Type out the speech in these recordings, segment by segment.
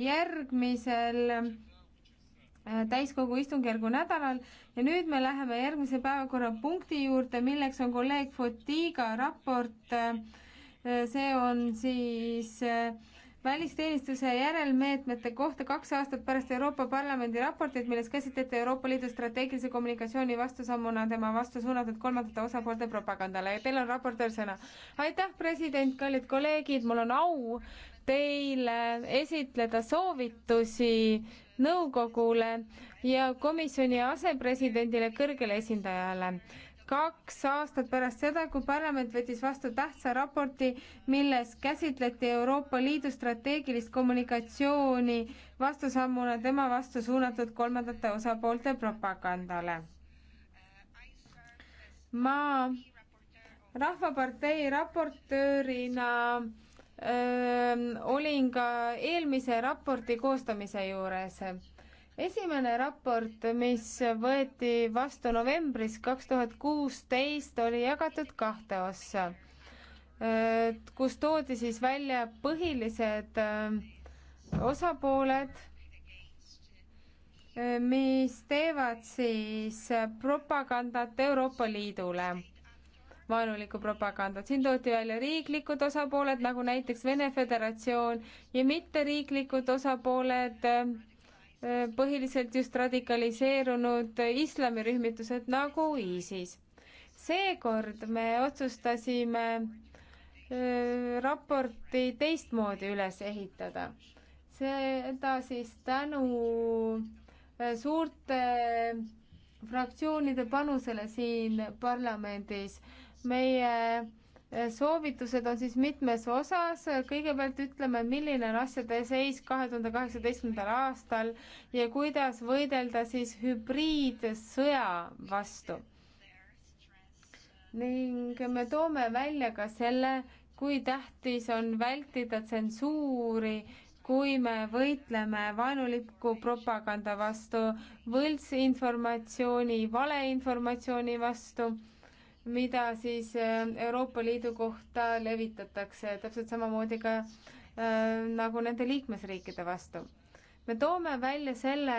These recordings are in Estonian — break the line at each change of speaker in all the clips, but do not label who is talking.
järgmisel äh, täiskogu istungjärgu nädalal ja nüüd me läheme järgmise päevakorrapunkti juurde, milleks on kolleeg Fotiga raport. Äh, see on siis äh, välisteenistuse järelmeetmete kohta kaks aastat pärast Euroopa Parlamendi raportit, milles käsitleti Euroopa Liidu strateegilise kommunikatsiooni vastusammuna tema vastu suunatud kolmandate osapoolte propagandale ja teil on raportöör sõna. aitäh, president, kallid kolleegid, mul on au teile esitleda soovitusi nõukogule ja komisjoni asepresidendile, kõrgele esindajale kaks aastat pärast seda, kui parlament võttis vastu tähtsa raporti, milles käsitleti Euroopa Liidu strateegilist kommunikatsiooni vastusammuna tema vastu suunatud kolmandate osapoolte propagandale. ma Rahvapartei raportöörina olin ka eelmise raporti koostamise juures. esimene raport, mis võeti vastu novembris kaks tuhat kuusteist, oli jagatud kahte ossa, kus toodi siis välja põhilised osapooled mis teevad siis propagandat Euroopa Liidule vaenulikku propagandat. siin toodi välja riiklikud osapooled, nagu näiteks Vene Föderatsioon ja mitteriiklikud osapooled, äh, põhiliselt just radikaliseerunud islamirühmitused nagu ISIS. seekord me otsustasime äh, raporti teistmoodi üles ehitada. seda siis tänu äh, suurte fraktsioonide panusele siin parlamendis meie eh, soovitused on siis mitmes osas, kõigepealt ütleme, milline on asjade seis kahe tuhande kaheksateistkümnendal aastal ja kuidas võidelda siis hübriidsõja vastu. ning me toome välja ka selle, kui tähtis on vältida tsensuuri kui me võitleme vaenuliku propaganda vastu, võltsinformatsiooni, valeinformatsiooni vastu mida siis äh, Euroopa Liidu kohta levitatakse, täpselt samamoodi ka äh, nagu nende liikmesriikide vastu. me toome välja selle,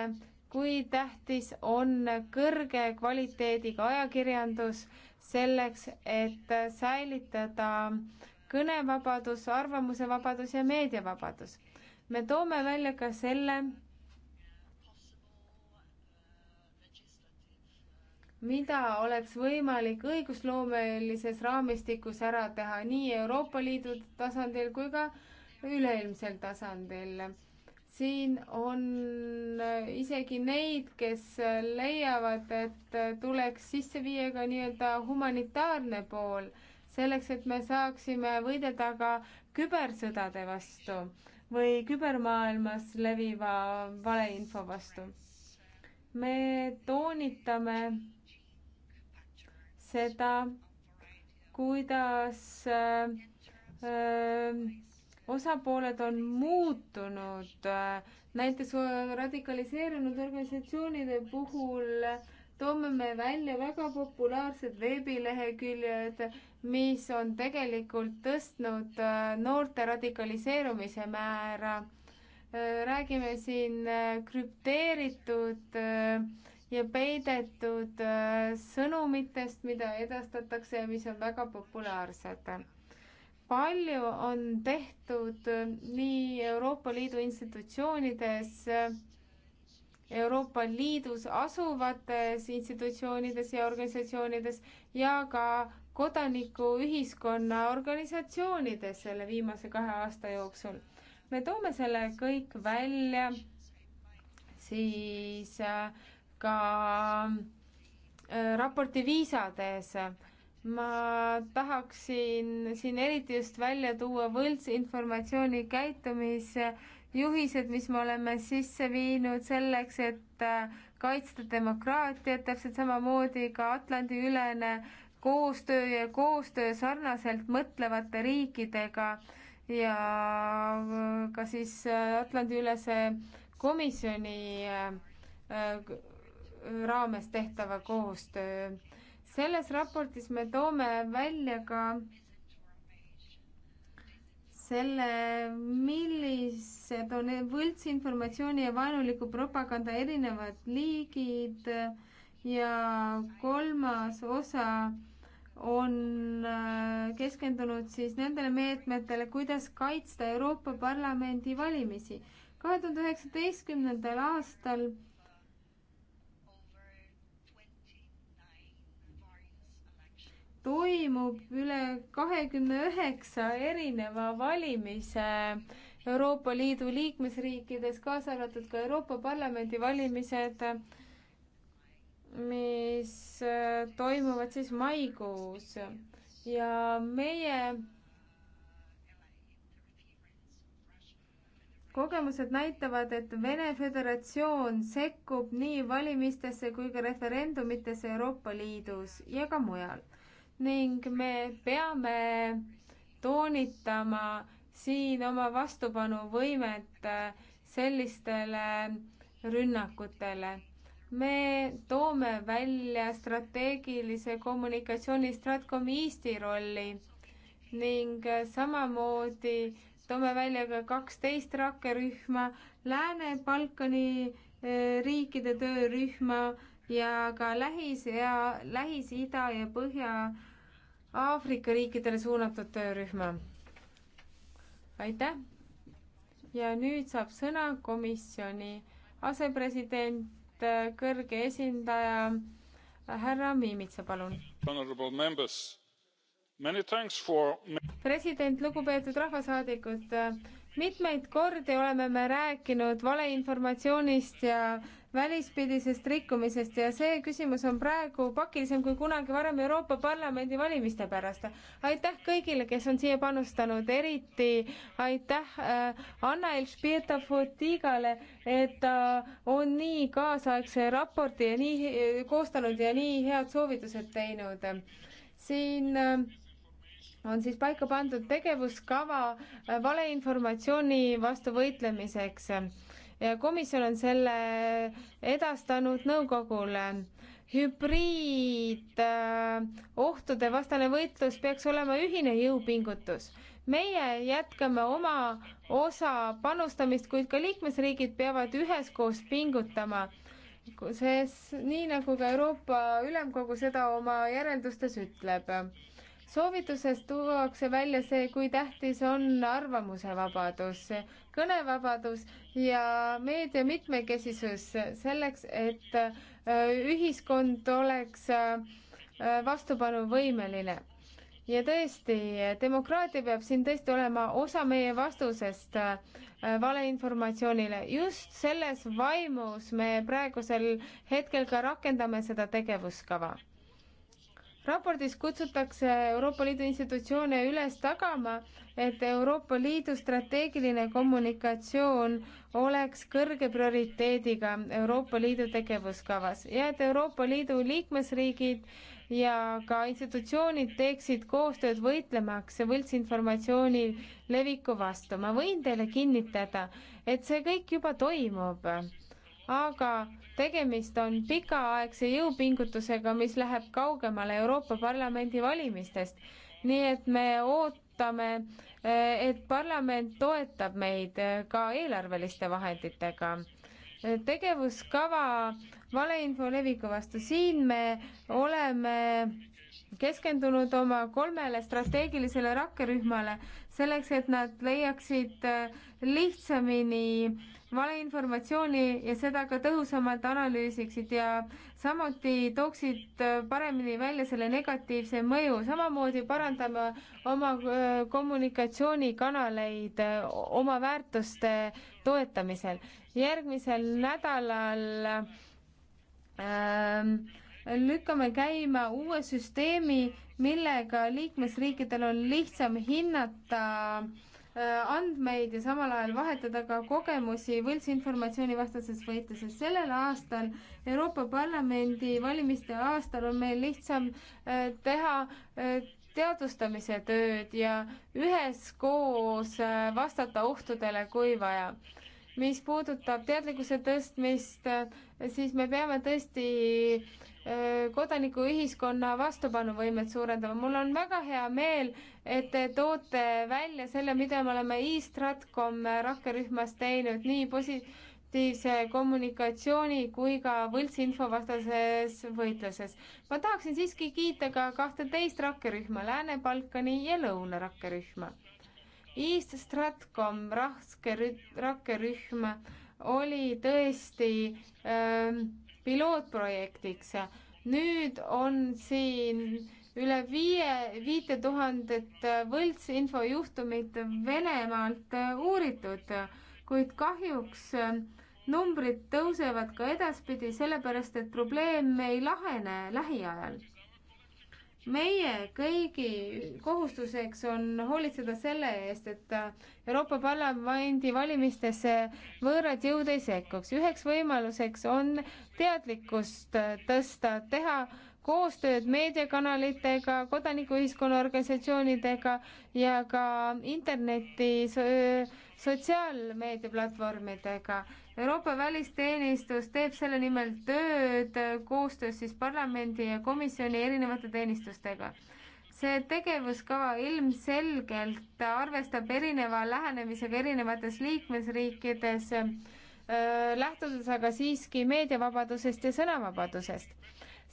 kui tähtis on kõrge kvaliteediga ajakirjandus selleks, et äh, säilitada kõnevabadus, arvamusevabadus ja meediavabadus. me toome välja ka selle, mida oleks võimalik õigusloomelises raamistikus ära teha nii Euroopa Liidu tasandil kui ka üleilmsel tasandil. siin on isegi neid, kes leiavad, et tuleks sisse viia ka nii-öelda humanitaarne pool, selleks et me saaksime võidelda ka kübersõdade vastu või kübermaailmas leviva valeinfo vastu. me toonitame seda, kuidas öö, äh, osapooled on muutunud, näiteks radikaliseerunud organisatsioonide puhul toome me välja väga populaarsed veebileheküljed, mis on tegelikult tõstnud äh, noorte radikaliseerumise määra. Äh, räägime siin krüpteeritud äh, ja peidetud äh, sõnumitest, mida edastatakse ja mis on väga populaarsed. palju on tehtud äh, nii Euroopa Liidu institutsioonides, äh, Euroopa Liidus asuvates institutsioonides ja organisatsioonides ja ka kodanikuühiskonna organisatsioonides selle viimase kahe aasta jooksul. me toome selle kõik välja siis äh, ka äh, raporti viisades. ma tahaksin siin eriti just välja tuua võltsinformatsiooni käitumisjuhised, mis me oleme sisse viinud selleks, et äh, kaitsta demokraatiat, täpselt samamoodi ka Atlandi-ülene koostöö ja koostöö sarnaselt mõtlevate riikidega ja äh, ka siis Atlandi-ülese komisjoni raames tehtava koostöö. selles raportis me toome välja ka selle, millised on võltsinformatsiooni ja vaenuliku propaganda erinevad liigid ja kolmas osa on äh, keskendunud siis nendele meetmetele, kuidas kaitsta Euroopa Parlamendi valimisi. kahe tuhande üheksateistkümnendal aastal toimub üle kahekümne üheksa erineva valimise Euroopa Liidu liikmesriikides, kaasa arvatud ka Euroopa Parlamendi valimised, mis äh, toimuvad siis maikuus ja meie kogemused näitavad, et Vene Föderatsioon sekkub nii valimistesse kui ka referendumitesse Euroopa Liidus ja ka mujal ning me peame toonitama siin oma vastupanuvõimet äh, sellistele rünnakutele. me toome välja strateegilise kommunikatsiooni Stratkom Eesti rolli ning äh, samamoodi toome välja ka kaksteist rakkerühma, Lääne-Balkani äh, riikide töörühma ja ka Lähis- ja Lähis-Ida ja Põhja Aafrika riikidele suunatud töörühma. aitäh! ja nüüd saab sõna komisjoni asepresident, kõrge esindaja härra Miimitsa, palun. For... president, lugupeetud rahvasaadikud, mitmeid kordi oleme me rääkinud valeinformatsioonist ja välispidisest rikkumisest ja see küsimus on praegu pakilisem kui kunagi varem Euroopa Parlamendi valimiste pärast. aitäh kõigile, kes on siia panustanud, eriti aitäh äh, Anna-El Špirta-Fotigale, et ta äh, on nii kaasaegse raporti ja nii äh, koostanud ja nii head soovitused teinud. siin äh, on siis paika pandud tegevuskava äh, valeinformatsiooni vastu võitlemiseks ja komisjon on selle edastanud nõukogule hübriidohtude äh, vastane võitlus peaks olema ühine jõupingutus. meie jätkame oma osa panustamist, kuid ka liikmesriigid peavad üheskoos pingutama, sest nii nagu ka Euroopa Ülemkogu seda oma järeldustes ütleb soovituses tuuakse välja see, kui tähtis on arvamusevabadus, kõnevabadus ja meedia mitmekesisus selleks, et äh, ühiskond oleks äh, vastupanuvõimeline. ja tõesti, demokraatia peab siin tõesti olema osa meie vastusest äh, valeinformatsioonile. just selles vaimus me praegusel hetkel ka rakendame seda tegevuskava raportis kutsutakse Euroopa Liidu institutsioone üles tagama, et Euroopa Liidu strateegiline kommunikatsioon oleks kõrge prioriteediga Euroopa Liidu tegevuskavas ja et Euroopa Liidu liikmesriigid ja ka institutsioonid teeksid koostööd võitlemaks võltsinformatsiooni leviku vastu. ma võin teile kinnitada, et see kõik juba toimub aga tegemist on pikaaegse jõupingutusega, mis läheb kaugemale Euroopa Parlamendi valimistest. nii et me ootame, eh, et parlament toetab meid eh, ka eelarveliste vahenditega eh, tegevuskava valeinfo leviku vastu. siin me oleme keskendunud oma kolmele strateegilisele rakkerühmale selleks, et nad leiaksid äh, lihtsamini valeinformatsiooni ja seda ka tõhusamalt analüüsiksid ja samuti tooksid äh, paremini välja selle negatiivse mõju, samamoodi parandame oma äh, kommunikatsioonikanaleid oma väärtuste toetamisel. järgmisel nädalal ähm, lükkame käima uue süsteemi, millega liikmesriikidel on lihtsam hinnata äh, andmeid ja samal ajal vahetada ka kogemusi võltsinformatsiooni vastases võitluses. sellel aastal, Euroopa Parlamendi valimiste aastal on meil lihtsam äh, teha äh, teadvustamise tööd ja üheskoos vastata ohtudele, kui vaja. mis puudutab teadlikkuse tõstmist, siis me peame tõesti äh, kodanikuühiskonna vastupanuvõimet suurendama. mul on väga hea meel, et te toote välja selle, mida me oleme e-Stratcom rakkerühmas teinud nii positiivse kommunikatsiooni kui ka võltsinfo vastases võitluses. ma tahaksin siiski kiita ka kahte teist rakkerühma, Lääne-Balkani ja Lõuna rakkerühma. East Stratcom rakkerühm oli tõesti öö, ähm, pilootprojektiks. nüüd on siin üle viie, viite tuhandet võltsinfojuhtumit Venemaalt äh, uuritud, kuid kahjuks äh, numbrid tõusevad ka edaspidi, sellepärast et probleem ei lahene lähiajal meie kõigi kohustuseks on hoolitseda selle eest, et Euroopa Parlamendi valimistesse võõrad jõud ei sekkuks. üheks võimaluseks on teadlikkust tõsta, teha koostööd meediakanalitega, kodanikuühiskonna organisatsioonidega ja ka interneti sotsiaalmeediaplatvormidega. Euroopa Välisteenistus teeb selle nimel tööd koostöös siis parlamendi ja komisjoni erinevate teenistustega. see tegevuskava ilmselgelt arvestab erineva lähenemisega erinevates liikmesriikides, äh, lähtudes aga siiski meediavabadusest ja sõnavabadusest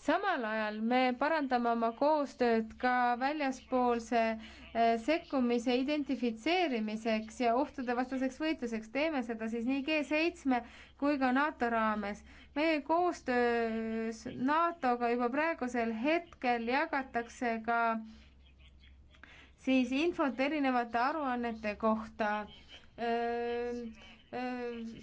samal ajal me parandame oma koostööd ka väljaspoolse eh, sekkumise identifitseerimiseks ja ohtude vastaseks võitluseks, teeme seda siis nii G7 kui ka NATO raames. meie koostöös NATO-ga juba praegusel hetkel jagatakse ka siis infot erinevate aruannete kohta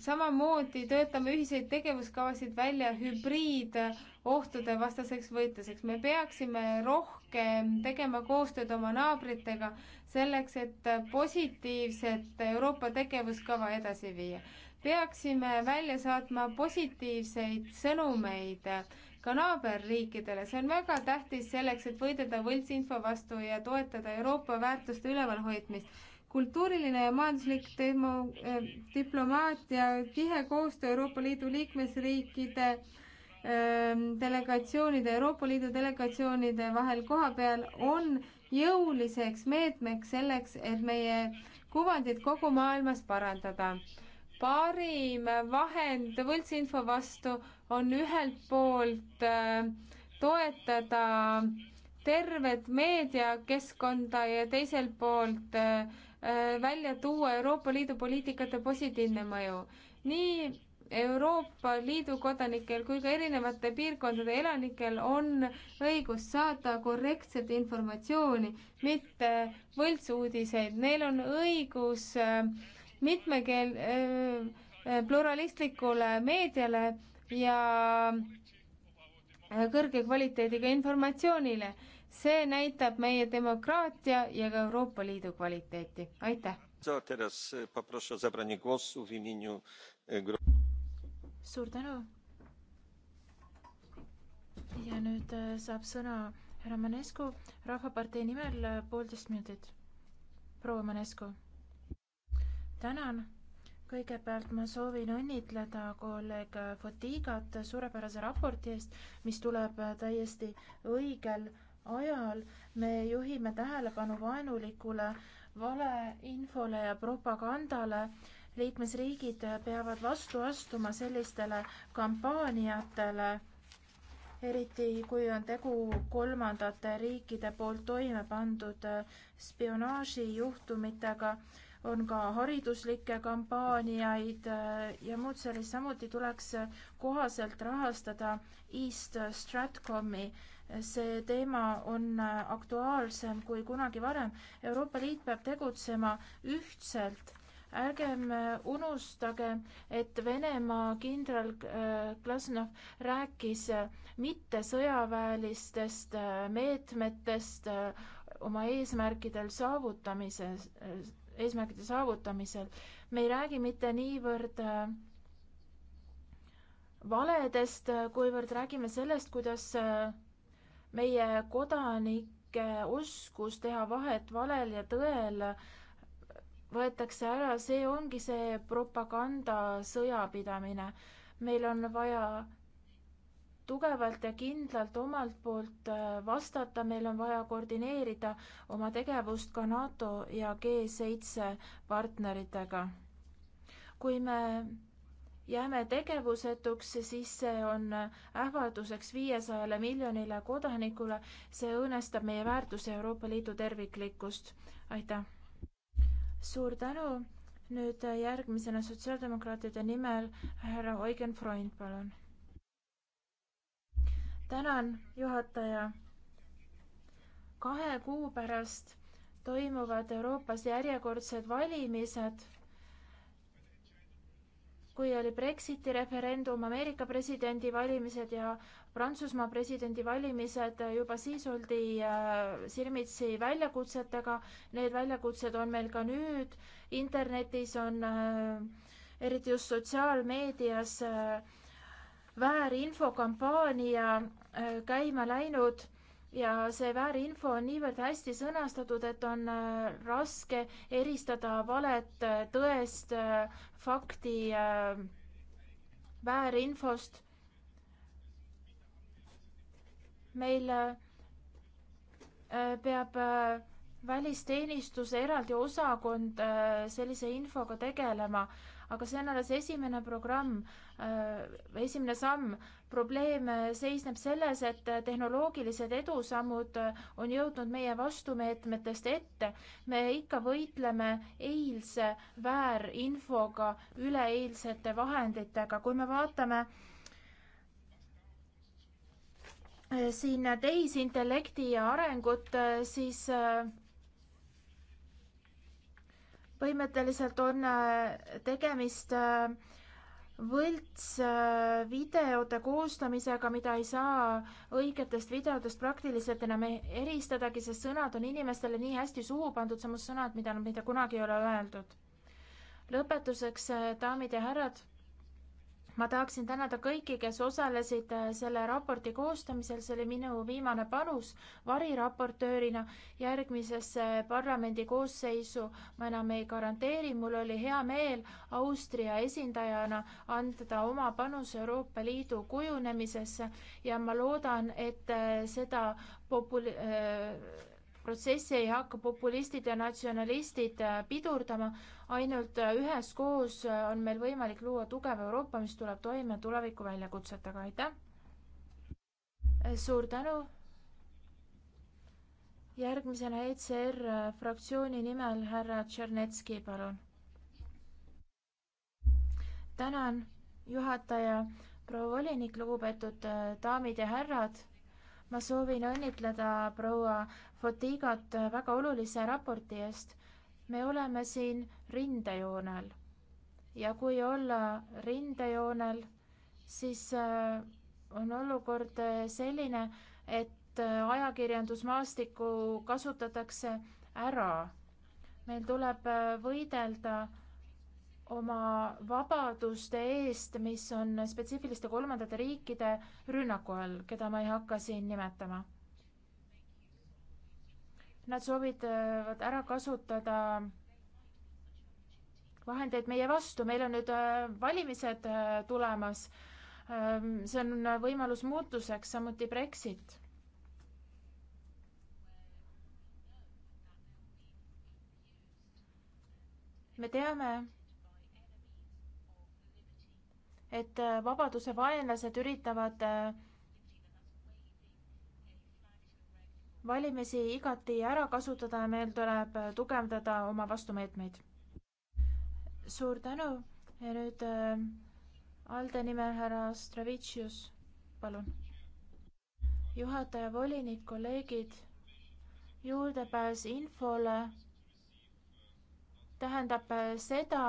samamoodi töötame ühiseid tegevuskavasid välja hübriidohtude vastaseks võitluseks. me peaksime rohkem tegema koostööd oma naabritega selleks, et positiivset Euroopa tegevuskava edasi viia. peaksime välja saatma positiivseid sõnumeid ka naaberriikidele, see on väga tähtis selleks, et võidelda võltsinfo vastu ja toetada Euroopa väärtuste ülevalhoidmist kultuuriline ja majanduslik demo, eh, diplomaatia, tihe koostöö Euroopa Liidu liikmesriikide eh, delegatsioonide, Euroopa Liidu delegatsioonide vahel koha peal on jõuliseks meetmeks selleks, et meie kuvandit kogu maailmas parandada. parim vahend võltsinfo vastu on ühelt poolt eh, toetada tervet meediakeskkonda ja teiselt poolt äh, Äh, välja tuua Euroopa Liidu poliitikate positiivne mõju. nii Euroopa Liidu kodanikel kui ka erinevate piirkondade elanikel on õigus saada korrektset informatsiooni, mitte võltsuudiseid. Neil on õigus äh, mitmekeel-, äh, pluralistlikule meediale ja kõrge kvaliteediga informatsioonile see näitab meie demokraatia ja ka Euroopa Liidu kvaliteeti. aitäh!
E, e, suur tänu! ja nüüd e, saab sõna härra Manescu Rahvapartei nimel poolteist minutit. proua Manescu. tänan. kõigepealt ma soovin õnnitleda kolleeg Fotigat suurepärase raporti eest, mis tuleb täiesti õigel ajal me juhime tähelepanu vaenulikule valeinfole ja propagandale. liikmesriigid peavad vastu astuma sellistele kampaaniatele, eriti kui on tegu kolmandate riikide poolt toime pandud spionaažijuhtumitega on ka hariduslikke kampaaniaid ja muud sellist, samuti tuleks kohaselt rahastada East Stratcomi see teema on aktuaalsem kui kunagi varem. Euroopa Liit peab tegutsema ühtselt. ärgem unustage, et Venemaa kindral äh, Klasnov rääkis mittesõjaväelistest äh, meetmetest äh, oma eesmärkidel saavutamises, eesmärkide saavutamisel. me ei räägi mitte niivõrd valedest, kuivõrd räägime sellest, kuidas meie kodanike oskus teha vahet valel ja tõel võetakse ära, see ongi see propagandasõja pidamine. meil on vaja tugevalt ja kindlalt omalt poolt äh, vastata, meil on vaja koordineerida oma tegevust ka NATO ja G7 partneritega. kui me jääme tegevusetuks, siis see on ähvarduseks viiesajale miljonile kodanikule. see õõnestab meie väärtuse Euroopa Liidu terviklikkust. aitäh! suur tänu! nüüd järgmisena sotsiaaldemokraatide nimel härra Eugen Freund, palun. tänan, juhataja. kahe kuu pärast toimuvad Euroopas järjekordsed valimised kui oli Brexiti referendum, Ameerika presidendivalimised ja Prantsusmaa presidendivalimised, juba siis oldi äh, silmitsi väljakutsetega, need väljakutsed on meil ka nüüd, internetis on äh, eriti just sotsiaalmeedias äh, väärinfokampaania käima läinud ja see väärinfo on niivõrd hästi sõnastatud, et on äh, raske eristada valet äh, tõest, äh, fakti, väärinfost. meil peab välisteenistuse eraldi osakond sellise infoga tegelema aga see on alles esimene programm, äh, esimene samm. probleem äh, seisneb selles, et äh, tehnoloogilised edusammud on jõudnud meie vastumeetmetest ette. me ikka võitleme eilse väärinfoga, üleeilsete vahenditega, kui me vaatame siin tehisintellekti arengut, siis äh, põhimõtteliselt on äh, tegemist äh, võltsvideode äh, koostamisega, mida ei saa õigetest videodest praktiliselt enam e-, eristadagi, sest sõnad on inimestele nii hästi suhu pandud, samas sõnad, mida, mida kunagi ei ole öeldud. lõpetuseks, daamid ja härrad ma tahaksin tänada kõiki, kes osalesid äh, selle raporti koostamisel, see oli minu viimane panus variraportöörina. järgmisesse parlamendi koosseisu ma enam ei garanteeri, mul oli hea meel Austria esindajana anda oma panus Euroopa Liidu kujunemisesse ja ma loodan, et äh, seda popul-, äh, protsessi ei hakka populistid ja natsionalistid äh, pidurdama, ainult äh, üheskoos äh, on meil võimalik luua tugev Euroopa, mis tuleb toime tuleviku väljakutsetega, aitäh! suur tänu! järgmisena ECR fraktsiooni nimel härra Tšernetski, palun. tänan, juhataja, proua volinik, lugupeetud daamid ja härrad ma soovin õnnitleda proua Fotigat väga olulise raporti eest. me oleme siin rindejoonel ja kui olla rindejoonel, siis äh, on olukord äh, selline, et äh, ajakirjandusmaastikku kasutatakse ära. meil tuleb võidelda oma vabaduste eest, mis on spetsiifiliste kolmandate riikide rünnaku all, keda ma ei hakka siin nimetama. Nad soovivad ära kasutada vahendeid meie vastu, meil on nüüd äh, valimised äh, tulemas. Ähm, see on äh, võimalus muutuseks, samuti Brexit me teame, et äh, vabaduse vaenlased üritavad äh, valimisi igati ära kasutada ja meil tuleb äh, tugevdada oma vastumeetmeid. suur tänu ja nüüd äh, ALDE nimel härra Stravitšius, palun. juhataja, volinik, kolleegid, juurdepääs infole tähendab seda,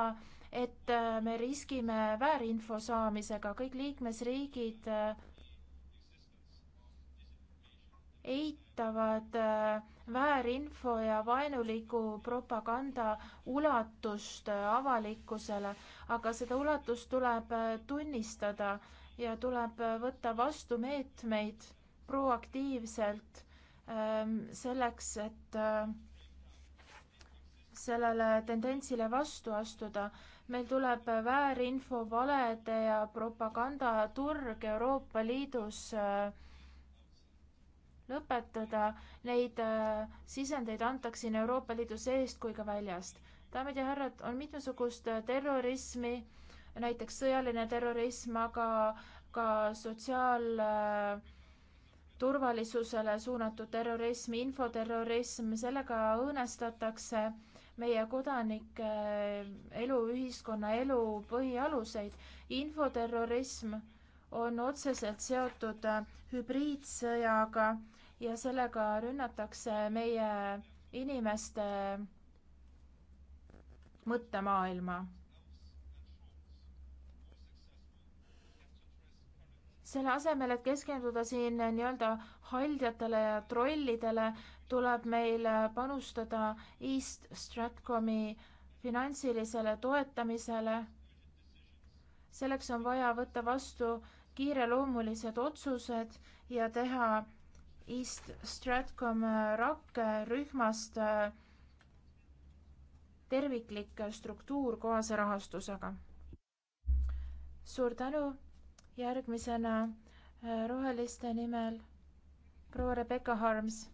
et äh, me riskime väärinfo saamisega, kõik liikmesriigid äh, eitavad äh, väärinfo ja vaenuliku propaganda ulatust avalikkusele, aga seda ulatust tuleb tunnistada ja tuleb võtta vastu meetmeid proaktiivselt ähm, selleks, et sellele tendentsile vastu astuda. meil tuleb väärinfo, valede ja propagandaturg Euroopa Liidus äh, lõpetada. Neid äh, sisendeid antakse nii Euroopa Liidu seest kui ka väljast. daamid ja härrad, on mitmesugust äh, terrorismi, näiteks sõjaline terrorism, aga ka sotsiaalturvalisusele suunatud terrorism, infoterrorism, sellega õõnestatakse meie kodanike äh, elu, ühiskonnaelu põhialuseid. infoterrorism on otseselt seotud äh, hübriidsõjaga ja sellega rünnatakse meie inimeste mõttemaailma selle asemel, et keskenduda siin nii-öelda haldjatele ja trollidele, tuleb meil panustada East Stratcomi finantsilisele toetamisele. selleks on vaja võtta vastu kiireloomulised otsused ja teha East Stratcom rakkerühmast äh, terviklik struktuur kohase rahastusega. suur tänu, järgmisena äh, roheliste nimel proua Rebecca Harms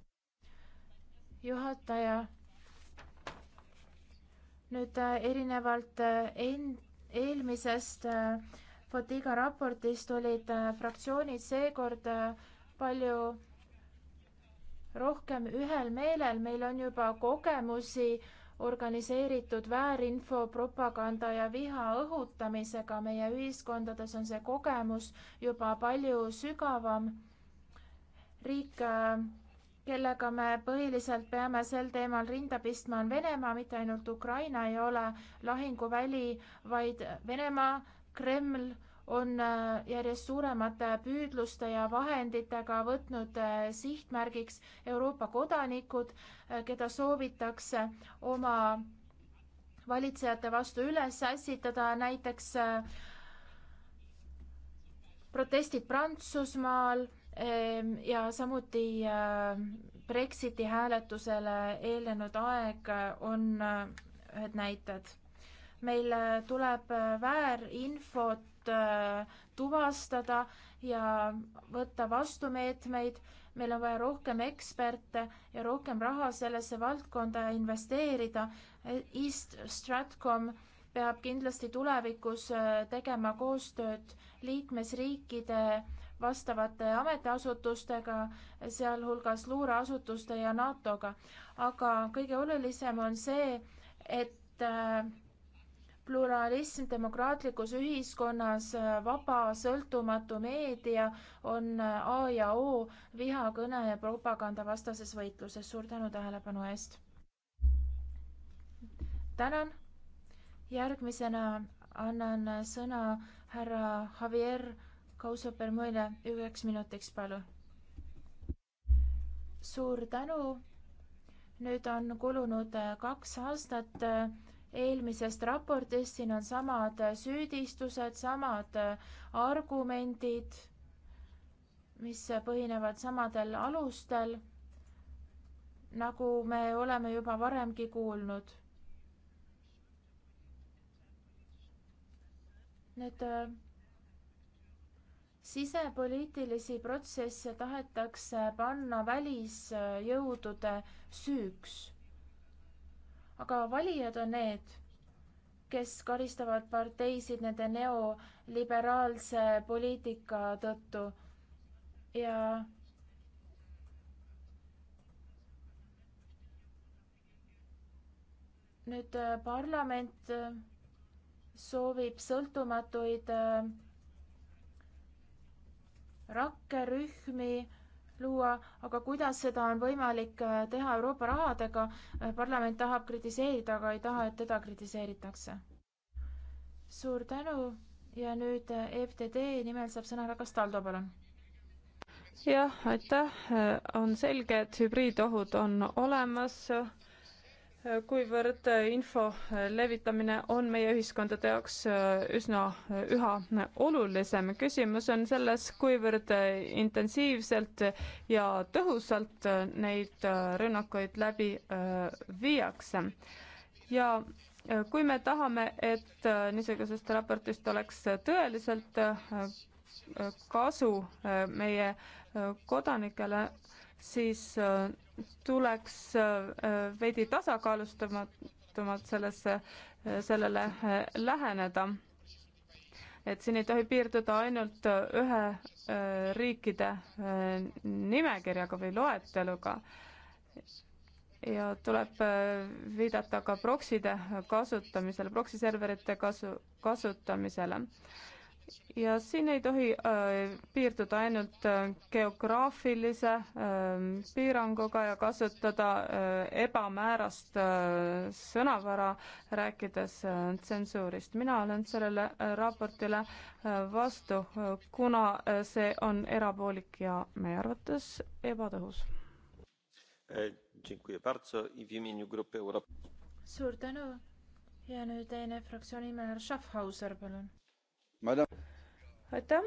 juhataja. nüüd äh, erinevalt äh, end-, eelmisest äh, Fatiga raportist olid fraktsioonid seekord palju rohkem ühel meelel, meil on juba kogemusi organiseeritud väärinfo, propaganda ja viha õhutamisega, meie ühiskondades on see kogemus juba palju sügavam. riik kellega me põhiliselt peame sel teemal rinda pistma, on Venemaa, mitte ainult Ukraina ei ole lahinguväli, vaid Venemaa, Kreml on äh, järjest suuremate püüdluste ja vahenditega võtnud äh, sihtmärgiks Euroopa kodanikud, äh, keda soovitakse oma valitsejate vastu üles ässitada, näiteks protestid Prantsusmaal Ehm, ja samuti äh, Brexiti hääletusele eelnenud aeg äh, on äh, ühed näited. meil tuleb väärinfot tuvastada ja võtta vastumeetmeid, meil on vaja rohkem eksperte ja rohkem raha sellesse valdkonda investeerida. E, East Stratcom peab kindlasti tulevikus tegema koostööd liikmesriikide vastavate ametiasutustega, sealhulgas luureasutuste ja NATO-ga. aga kõige olulisem on see, et äh, pluralism demokraatlikus ühiskonnas, äh, vaba sõltumatu meedia on äh, A ja O vihakõne ja propaganda vastases võitluses. suur tänu tähelepanu eest. tänan. järgmisena annan sõna härra Javier Kauso Permuile üheks minutiks, palun. suur tänu. nüüd on kulunud äh, kaks aastat äh, eelmisest raportist, siin on samad äh, süüdistused, samad argumendid, mis põhinevad samadel alustel, nagu me oleme juba varemgi kuulnud. Need sisepoliitilisi protsesse tahetakse panna välisjõudude süüks. aga valijad on need, kes karistavad parteisid nende neoliberaalse poliitika tõttu ja nüüd äh, parlament äh, soovib sõltumatuid äh, rakkerühmi luua, aga kuidas seda on võimalik äh, teha Euroopa rahadega, äh, parlament tahab kritiseerida, aga ei taha, et teda kritiseeritakse. suur tänu ja nüüd EFTD äh, nimel saab sõna härra Castaldo, palun
jah, aitäh, on selge, et hübriidohud on olemas kuivõrd äh, info äh, levitamine on meie ühiskondade jaoks äh, üsna üha olulisem. küsimus on selles, kuivõrd intensiivselt ja tõhusalt neid rünnakuid läbi viiakse. ja kui me tahame, et niisugusest raportist oleks tõeliselt kasu meie kodanikele, siis äh, tuleks äh, veidi tasakaalustamatumalt sellesse, äh, sellele läheneda. et siin ei tohi piirduda ainult ühe riikide nimekirjaga või loeteluga ja tuleb viidata ka prokside kasutamisele, proksiserverite kasu, kasutamisele ja siin ei tohi äh, piirduda ainult äh, geograafilise äh, piiranguga ja kasutada äh, ebamäärast äh, sõnavara, rääkides äh, tsensuurist. mina olen sellele äh, raportile äh, vastu äh,, kuna äh, see on erapoolik ja meie arvates ebatõhus. Äh, suur tänu ja nüüd teine e fraktsiooni nimel härra Schaffhauser, palun aitäh,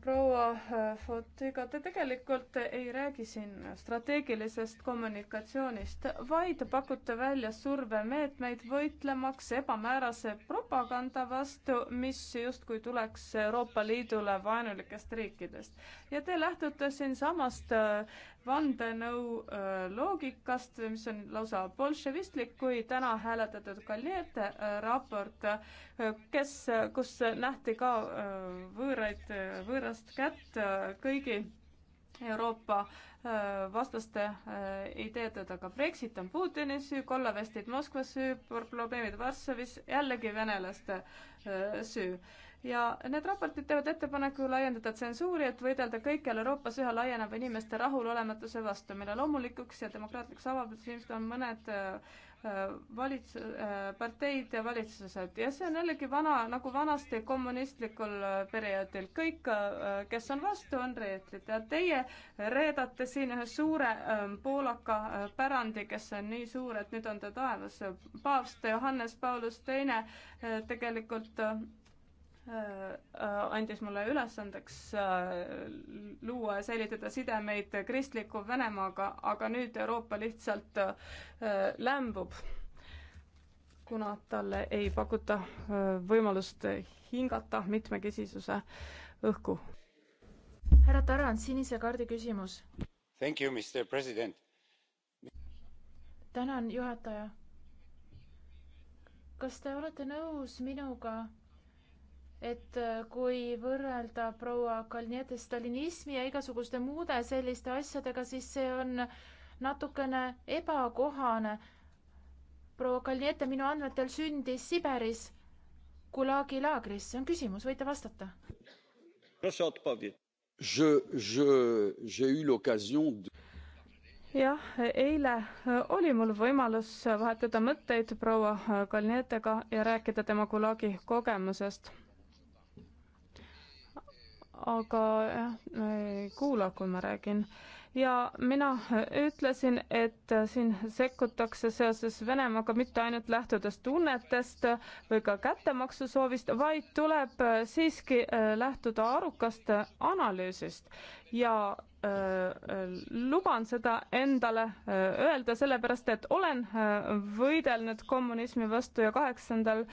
proua äh, Fotiga, te tegelikult ei räägi siin strateegilisest kommunikatsioonist, vaid pakute välja survemeetmeid võitlemaks ebamäärase propaganda vastu, mis justkui tuleks Euroopa Liidule vaenulikest riikidest. ja te lähtute siinsamast äh, vandenõu äh, loogikast, mis on lausa bolševistlik, kui täna hääletatud Kaljete äh, raport, äh, kes, kus nähti ka võõraid, võõrast kätt kõigi Euroopa vastaste ideede taga. Brexit on Putini süü, kollavestid Moskva süü, probleemid Varssavis, jällegi venelaste süü ja need raportid teevad ettepaneku laiendada tsensuuri, et võidelda kõikjal Euroopas üha laieneva inimeste rahulolematuse vastu, mille loomulikuks ja demokraatlikuks avalduseks on mõned äh, äh, valits-, äh, parteid ja valitsused ja see on jällegi vana, nagu vanasti kommunistlikul perioodil, kõik, kes on vastu, on reetlid ja teie reedate siin ühe suure poolaka pärandi, kes on nii suur, et nüüd on ta taevas. paavst Johannes Paulus Teine tegelikult Äh, äh, andis mulle ülesandeks äh, luua ja säilitada sidemeid kristliku Venemaaga, aga nüüd Euroopa lihtsalt lämbub, kuna talle ei pakuta võimalust hingata mitmekesisuse õhku.
härra Tarand, sinise kaardi küsimus. tänan, juhataja. kas te olete nõus minuga? et äh, kui võrrelda proua Kalniete stalinismi ja igasuguste muude selliste asjadega, siis see on natukene ebakohane. proua Kalniete minu andmetel sündis Siberis Gulagi laagris, see on küsimus, võite vastata.
jah, eile oli mul võimalus vahetada mõtteid proua Kalnietega ja rääkida tema Gulagi kogemusest aga jah, ei kuula, kui ma räägin. ja mina ütlesin, et siin sekkutakse seoses Venemaaga mitte ainult lähtudes tunnetest või ka kättemaksusoovist, vaid tuleb siiski äh, lähtuda arukast analüüsist ja öö, äh, luban seda endale öö, äh, öelda, sellepärast et olen öö, äh, võidelnud kommunismi vastu ja kaheksandal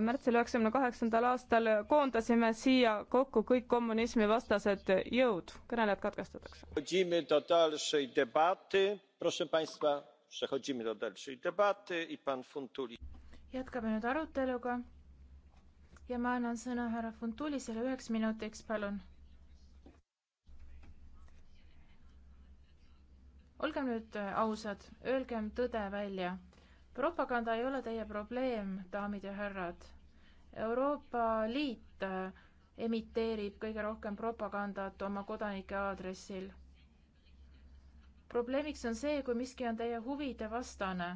märtsil üheksakümne kaheksandal aastal koondasime siia kokku kõik kommunismi vastased jõud. kõnelejad katkestatakse.
jätkame nüüd aruteluga ja ma annan sõna härra Funtulisele üheks minutiks, palun olgem nüüd äh, ausad, öelgem tõde välja. propaganda ei ole teie probleem, daamid ja härrad. Euroopa Liit äh, emiteerib kõige rohkem propagandat oma kodanike aadressil. probleemiks on see, kui miski on teie huvide vastane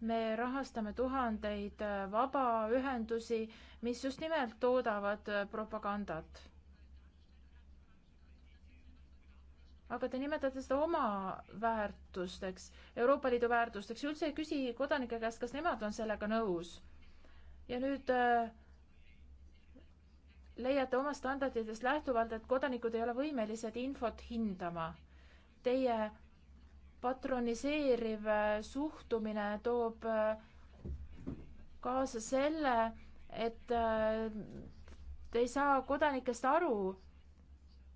me rahastame tuhandeid äh, vabaühendusi, mis just nimelt toodavad propagandat. aga te nimetate seda oma väärtusteks, Euroopa Liidu väärtusteks, üldse ei küsi kodanike käest, kas nemad on sellega nõus. ja nüüd äh, leiate oma standarditest lähtuvalt, et kodanikud ei ole võimelised infot hindama. Teie patroniseeriv äh, suhtumine toob äh, kaasa selle, et äh, te ei saa kodanikest aru,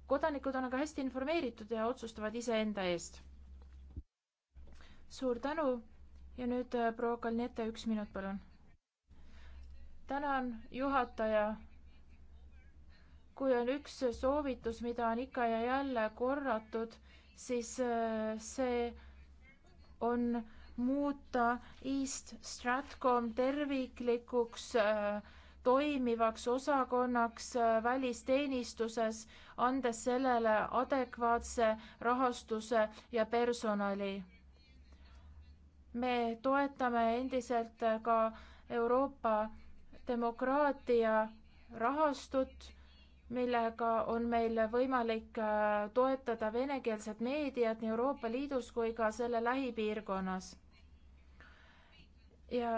kodanikud on aga hästi informeeritud ja otsustavad iseenda eest. suur tänu ja nüüd äh, proua Kalniete, üks minut, palun. tänan, juhataja. kui on üks soovitus, mida on ikka ja jälle korratud, siis äh, see on muuta East Stratcom terviklikuks äh, toimivaks osakonnaks äh, välisteenistuses, andes sellele adekvaatse rahastuse ja personali. me toetame endiselt ka Euroopa demokraatia rahastut, millega on meil võimalik äh, toetada venekeelset meediat nii Euroopa Liidus kui ka selle lähipiirkonnas. ja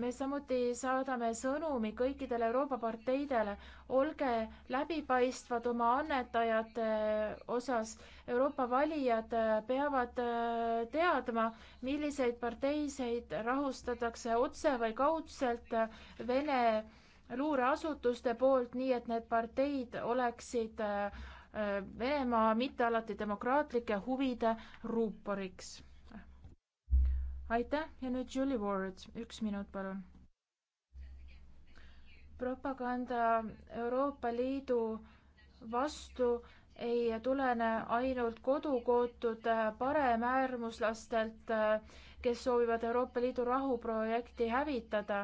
me samuti saadame sõnumi kõikidele Euroopa parteidele, olge läbipaistvad oma annetajate eh, osas. Euroopa valijad eh, peavad eh, teadma, milliseid parteisid rahustatakse otse või kaudselt Vene luureasutuste poolt, nii et need parteid oleksid Venemaa mitte alati demokraatlike huvide ruuporiks aitäh ja nüüd Julie Ward, üks minut, palun. propaganda Euroopa Liidu vastu ei tulene ainult kodukootud äh, paremäärmuslastelt, äh, kes soovivad Euroopa Liidu rahuprojekti hävitada.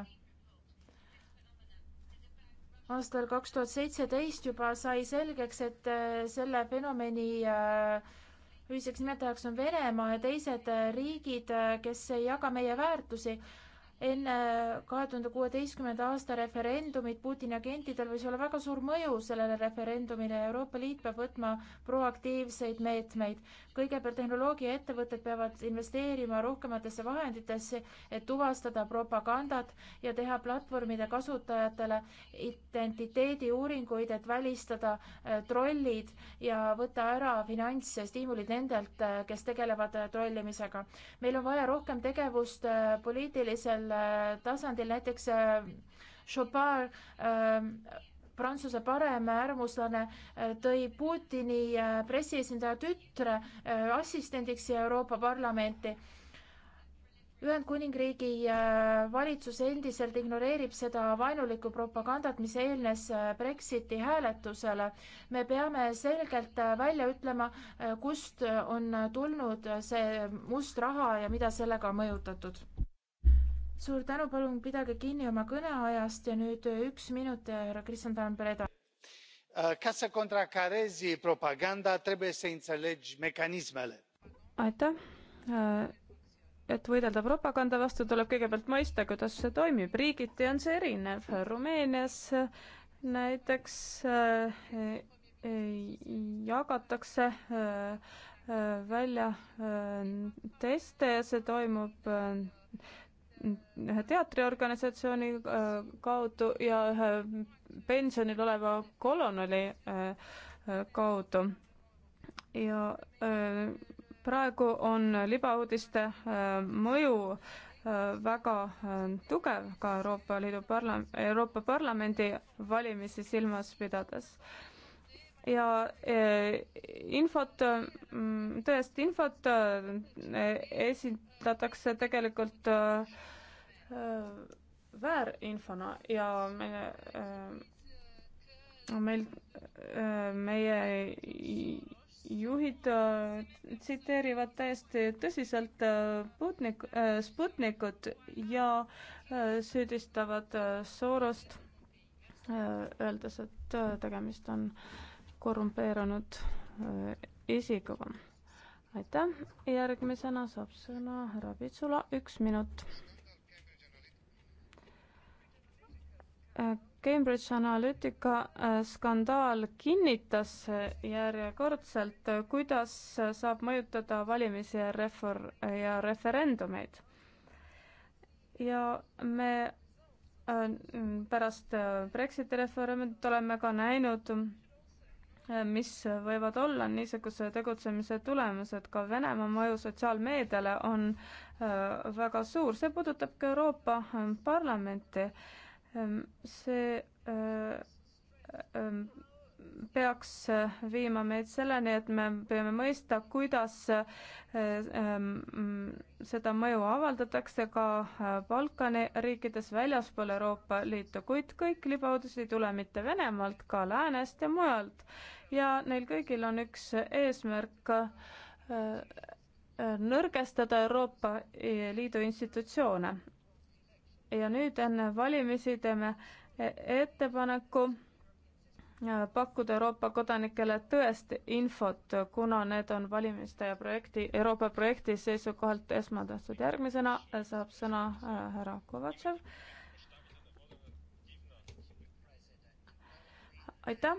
aastal kaks tuhat seitseteist juba sai selgeks, et äh, selle fenomeni äh, ühiseks nimetajaks on Venemaa ja teised riigid, kes ei jaga meie väärtusi, enne kahe tuhande kuueteistkümnenda aasta referendumit Putini agentidel võis olla väga suur mõju sellele referendumile ja Euroopa Liit peab võtma proaktiivseid meetmeid. kõigepealt tehnoloogiaettevõtted peavad investeerima rohkematesse vahenditesse, et tuvastada propagandat ja teha platvormide kasutajatele identiteediuuringuid, et välistada äh, trollid ja võtta ära finantsstiimulid nendelt, äh, kes tegelevad äh, trollimisega. meil on vaja rohkem tegevust poliitilisel Äh, tasandil, näiteks äh, Chopin ähm, Prantsuse parem äärmuslane äh, tõi Putini pressiesindaja tütre assistendiks Euroopa Parlamenti. Ühendkuningriigi valitsus endiselt ignoreerib seda vaenulikku propagandat, mis eelnes Brexiti hääletusele. me peame selgelt välja ütlema, kust on tulnud see must raha ja mida sellega on mõjutatud suur tänu, palun pidage kinni oma kõneajast ja nüüd üks minut ja härra Kristjan Tampereda.
Äh, ca să contracarezi propaganda, trebuie să înțelegi mecanismele. Aitäh! Äh, et võidelda propaganda vastu, tuleb kõigepealt mõista, kuidas see toimib. riigiti on see erinev. Rumeenias äh, näiteks äh, äh, jagatakse äh, välja teste ja see toimub ühe teatriorganisatsiooni äh, kaudu ja ühe pensionil oleva koloneli äh, äh, kaudu. ja praegu on libauudiste mõju väga tugev ka Euroopa Liidu parla-, Euroopa Parlamendi valimisi silmas pidades ja eh, infot, mm, tõest infot eh, esitatakse tegelikult eh, väärinfona ja meie, meil, meie juhid tsiteerivad täiesti tõsiselt Sputnik, Sputnikut ja süüdistavad Soorost, öeldes, et tegemist on äh, korrumpeerunud äh, isikuga. aitäh, järgmisena saab sõna härra Pitsula, üks minut. Äh, Cambridge Analytica äh, skandaal kinnitas järjekordselt, kuidas saab mõjutada valimisi ja refor- ja referendumeid. ja me pärast Brexiti referendumit oleme ka näinud, Äh, mis võivad olla niisuguse tegutsemise tulemused. ka Venemaa mõju sotsiaalmeediale on äh, väga suur, see puudutab ka Euroopa äh, Parlamenti. Ähm, see ähm, peaks viima meid selleni, et me peame mõista, kuidas ähm, seda mõju avaldatakse ka Balkani riikides väljaspool Euroopa Liitu, kuid kõik libauudised ei tule mitte Venemaalt, ka läänest ja mujalt ja neil kõigil on üks eesmärk äh, nõrgestada Euroopa Liidu institutsioone. ja nüüd enne valimisi teeme ettepaneku äh, pakkuda Euroopa kodanikele tõest infot, kuna need on valimiste ja projekti, Euroopa projekti seisukohalt esmatähtsad. järgmisena äh, saab sõna härra Kovatšev. aitäh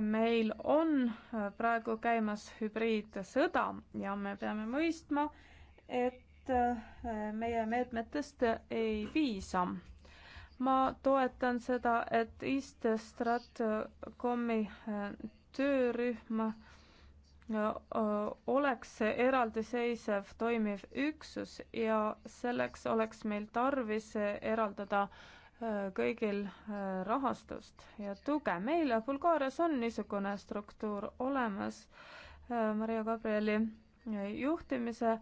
meil on äh, praegu käimas hübriidsõda ja me peame mõistma, et äh, meie meetmetest ei piisa. ma toetan seda, et East Stratcomi äh, töörühm oleks eraldiseisev toimiv üksus ja selleks oleks meil tarvis eraldada äh, kõigil äh, rahastust ja tuge. meil Bulgaarias on niisugune struktuur olemas äh, Maria Gabrieli äh, juhtimise,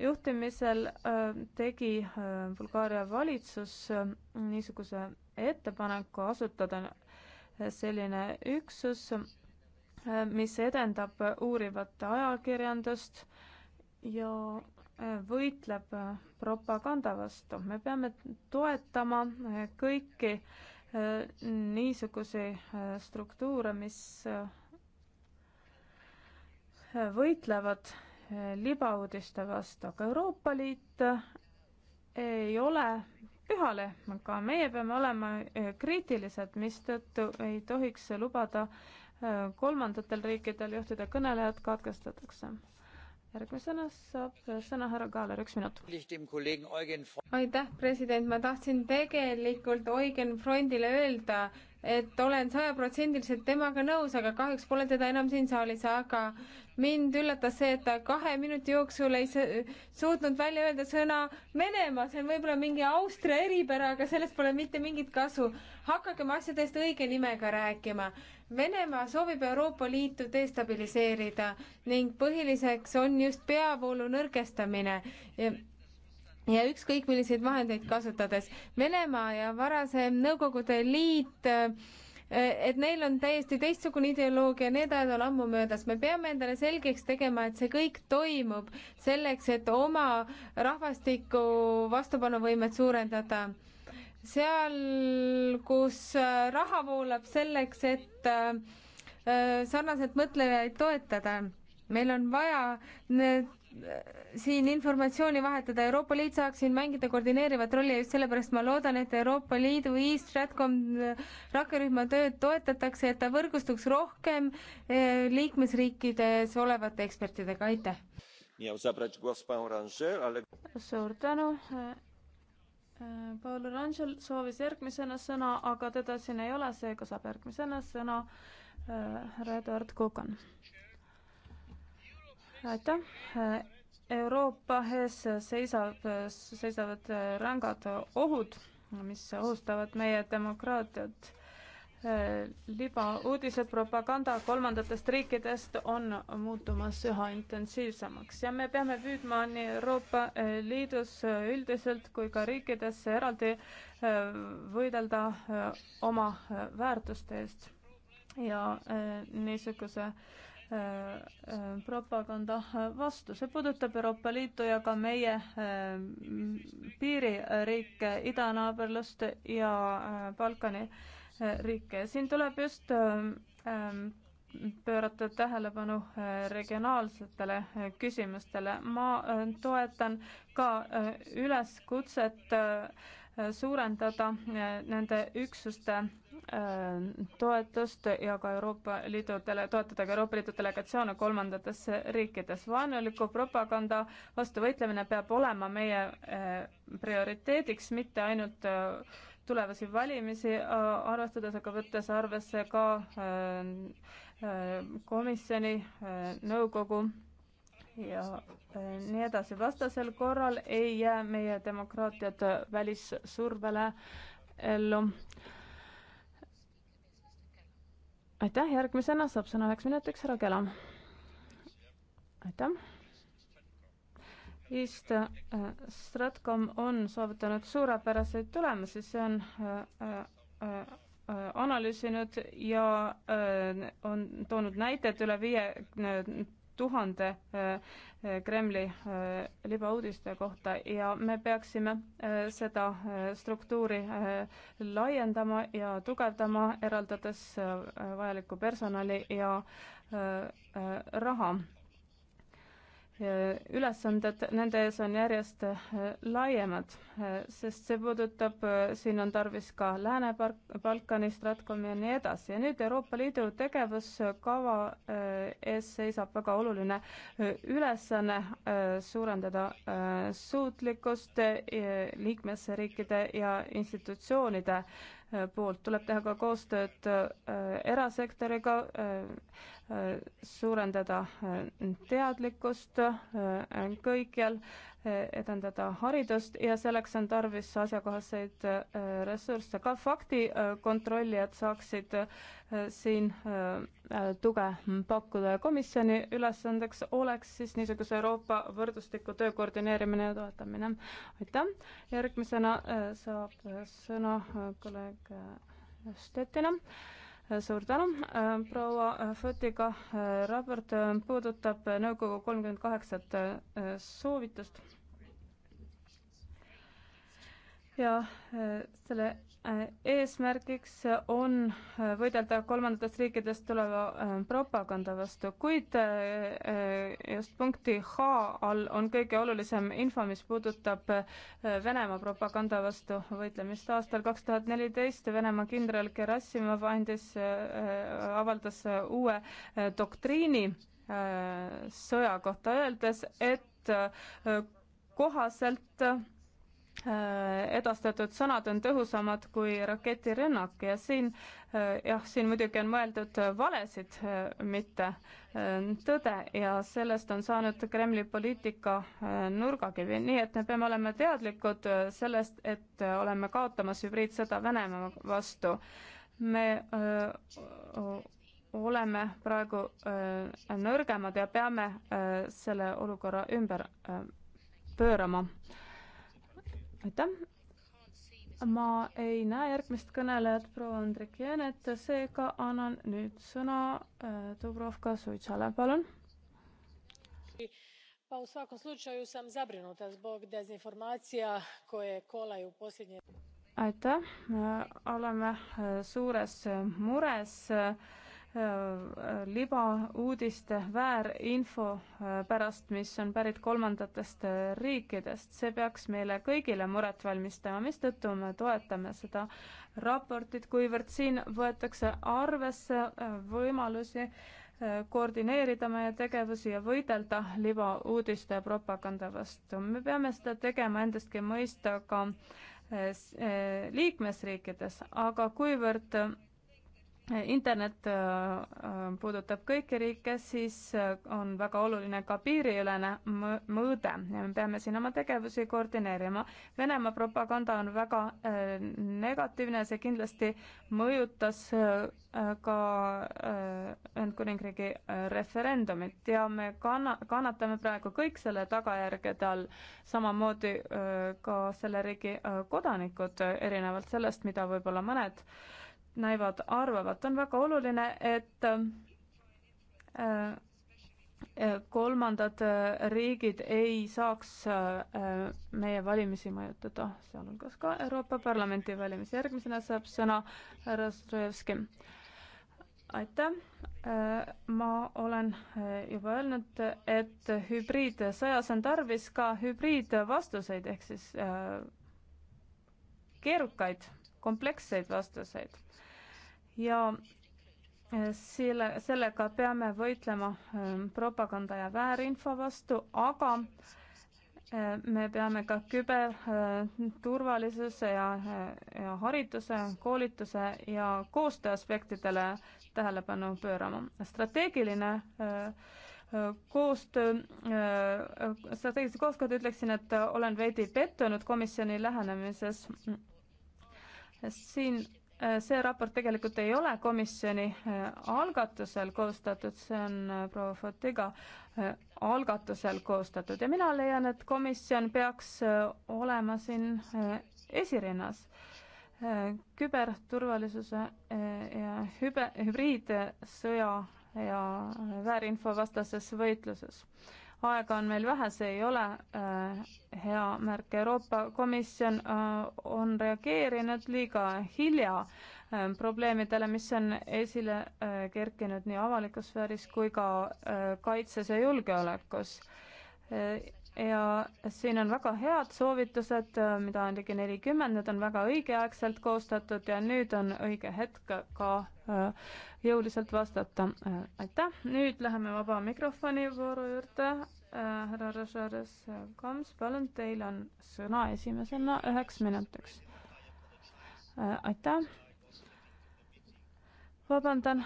juhtimisel tegi Bulgaaria valitsus niisuguse ettepaneku asutada selline üksus, mis edendab uurivat ajakirjandust ja võitleb äh, propaganda vastu. me peame toetama äh, kõiki äh, niisuguseid struktuure, mis võitlevad libauudiste vastu, aga Euroopa Liit ei ole pühale, aga meie peame olema kriitilised, mistõttu ei tohiks lubada kolmandatel riikidel juhtida kõnelejad
katkestatakse järgmisena saab sõna härra Kaaler, üks minut. aitäh, president, ma tahtsin tegelikult Eugen Freundile öelda, et olen sajaprotsendiliselt temaga nõus, aga kahjuks pole teda enam siin saalis, aga mind üllatas see, et ta kahe minuti jooksul ei suutnud välja öelda sõna Venemaa, see on võib-olla mingi Austria eripära, aga sellest pole mitte mingit kasu. hakakem asjadest õige nimega rääkima Venemaa soovib Euroopa Liitu destabiliseerida ning põhiliseks on just peavoolu nõrgestamine ja ükskõik milliseid vahendeid kasutades. Venemaa ja varasem Nõukogude Liit et neil on täiesti teistsugune ideoloogia, need ajad on ammu möödas, me peame endale selgeks tegema, et see kõik toimub selleks, et oma rahvastiku vastupanuvõimet suurendada seal, kus äh, raha voolab selleks, et äh, äh, sarnaselt mõtlejaid toetada. meil on vaja need, siin informatsiooni vahetada, Euroopa Liit saaks siin mängida koordineerivat rolli ja just sellepärast ma loodan, et Euroopa Liidu East Stratcom rakkerühma tööd toetatakse, et ta võrgustuks rohkem liikmesriikides olevate ekspertidega, aitäh! suur tänu,
Äh, Paul Rangel soovis järgmisena sõna, aga teda siin ei ole, seega saab järgmisena sõna äh, härra Eduard Kukan. aitäh. Äh, Euroopa ees seisab, seisavad rängad ohud, mis ohustavad meie demokraatiat Äh, libauudised, propaganda kolmandatest riikidest on muutumas üha intensiivsemaks ja me peame püüdma nii Euroopa äh, Liidus äh, üldiselt kui ka riikides eraldi võidelda oma väärtuste eest ja niisuguse propaganda vastu. see puudutab Euroopa Liitu ja ka meie piiririike, idanaaberlust ja Balkani riike. siin tuleb just ähm, pöörata tähelepanu äh, regionaalsetele äh, küsimustele. ma äh, toetan ka üleskutset suurendada nende üksuste toetust ja ka Euroopa Liidu tele, toetada ka Euroopa Liidu delegatsioone kolmandates riikides. vaenuliku propaganda vastu võitlemine peab olema meie prioriteediks, mitte ainult tulevasi valimisi, äh, arvestades aga võttes arvesse ka äh, äh, komisjoni, nõukogu ja nii edasi. vastasel korral ei jää meie demokraatiat välissurvele ellu. aitäh, järgmisena saab sõna üheks minutiks härra Kelam. aitäh East äh, Stratcom on saavutanud suurepäraseid tulemusi, see on äh, äh, analüüsinud ja on toonud näited üle viie tuhande Kremli libauudiste kohta ja me peaksime seda struktuuri laiendama ja tugevdama, eraldades vajalikku personali ja raha ülesanded nende ees on järjest äh, laiemad, äh, sest see puudutab, äh, siin on tarvis ka Lääne-Balkani Stratkomi ja nii edasi ja nüüd Euroopa Liidu tegevuskava ees seisab väga oluline ülesanne suurendada suutlikkust liikmesriikide ja institutsioonide poolt, tuleb teha ka koostööd erasektoriga, Äh, suurendada äh, teadlikkust äh, kõikjal, edendada haridust ja selleks on tarvis asjakohaseid ressursse, ka faktikontrollijad saaksid siin tuge pakkuda ja komisjoni ülesandeks oleks siis niisuguse Euroopa võrdustiku töö koordineerimine ja toetamine. aitäh, järgmisena saab sõna kolleeg Stettina suur tänu, äh, proua äh, Fötiga. Äh, raport puudutab nõukogu kolmkümmend kaheksat soovitust. ja selle eesmärgiks on võidelda kolmandatest riikidest tuleva äh, propaganda vastu, kuid äh, just punkti H all on kõige olulisem info, mis puudutab äh, Venemaa propaganda vastu võitlemist. aastal kaks tuhat neliteist Venemaa kindral Gerassimov andis, avaldas uue doktriini sõja kohta, öeldes, et kohaselt Äh, edastatud sõnad on tõhusamad kui raketirünnak ja siin äh, jah, siin muidugi on mõeldud valesid, äh, mitte tõde ja sellest on saanud Kremli poliitika nurgakivi, nii et me peame olema teadlikud sellest, et oleme kaotamas hübriidsõda Venemaa vastu. me öö, oleme praegu öö, nõrgemad ja peame öö, selle olukorra ümber öö, pöörama aitäh! ma ei näe järgmist kõnelejat, proua Andrek Jäänet, seega annan nüüd sõna äh, Dubrovka Suitsale, palun. Pa u svakom slučaju sam zabrinuta zbog dezinformacija koje kolaju posljednje. aitäh, oleme äh, suures mures Äh, libauudiste väärinfo äh, pärast, mis on pärit kolmandatest äh, riikidest. see peaks meile kõigile muret valmistama, mistõttu me toetame seda raportit, kuivõrd siin võetakse arvesse võimalusi koordineerida meie tegevusi ja võidelda libauudiste ja propaganda vastu. me peame seda tegema endastki mõista ka liikmesriikides, aga kuivõrd internet äh, äh, puudutab kõiki riike, siis äh, on väga oluline ka piiriülene mõõde ja me peame siin oma tegevusi koordineerima. Venemaa propaganda on väga negatiivne, see kindlasti mõjutas ka Ühendkuningriigi referendumit ja me kanna-, kannatame praegu kõik selle tagajärgede all, samamoodi ka selle riigi kodanikud, erinevalt sellest, mida võib-olla mõned näivad, arvavad. on väga oluline, et äh, äh, kolmandad äh, riigid ei saaks meie valimisi mõjutada, sealhulgas ka Euroopa Parlamenti valimisi. järgmisena saab sõna härra Zdrojevski. aitäh, ma olen juba öelnud, et hübriidsõjas on tarvis ka hübriidvastuseid ehk siis keerukaid, kompleksseid vastuseid ja eh, selle, sellega peame võitlema eh, propaganda ja väärinfo vastu, aga eh, me peame ka küberturvalisuse ja, ja hariduse, koolituse ja koostöö aspektidele tähelepanu pöörama. strateegiline koostöö, strateegilise koostööd ütleksin, et olen veidi pettunud komisjoni lähenemises. siin Äh, see raport tegelikult ei ole komisjoni äh, algatusel koostatud, see on äh, proua Fotiga algatusel koostatud ja mina leian, et komisjon peaks olema siin esirinnas. küberturvalisuse ja hübe, hübriidsõja ja väärinfo vastases võitluses aega on meil vähe, see ei ole äh, hea märk. Euroopa Komisjon äh, on reageerinud liiga hilja äh, probleemidele, mis on esile kerkinud nii avalikus sfääris kui ka kaitses ja julgeolekus ja siin on väga head soovitused, äh, mida on ligi nelikümmend, need on väga õigeaegselt koostatud ja nüüd on õige hetk ka äh, jõuliselt vastata. Äh, aitäh, nüüd läheme vaba mikrofoni vooru juurde. härra Rosares Kams, palun, teil on sõna esimesena üheks minutiks. aitäh vabandan,